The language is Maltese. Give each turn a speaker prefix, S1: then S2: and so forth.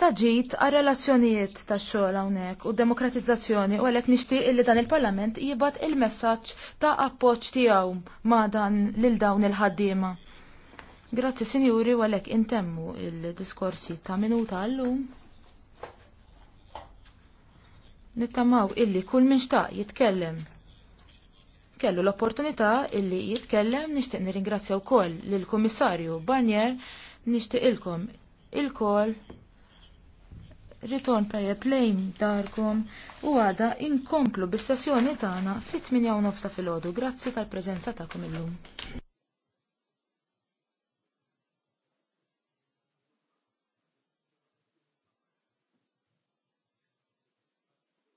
S1: Taġit għal relazzjonijiet tax xogħol hawnhekk u demokratizzazzjoni u għalhekk nixtieq li dan il-Parlament jibgħat il-messaġġ ta' appoġġ tiegħu ma' dan lil dawn il-ħaddiema. Grazzi sinjuri u għalhekk intemmu il-diskorsi ta' minuta għallum. Nittamaw illi kull minn xtaq jitkellem kellu l-opportunità illi jitkellem nixtieq nirringrazzja wkoll lill-Kummissarju Barnier nixtieq ilkom il-kol ritorn tajjeb lejn darkom u għada inkomplu bis-sessjoni tagħna fit-8 ta' filgħodu. Grazzi tal-preżenza tagħkom illum.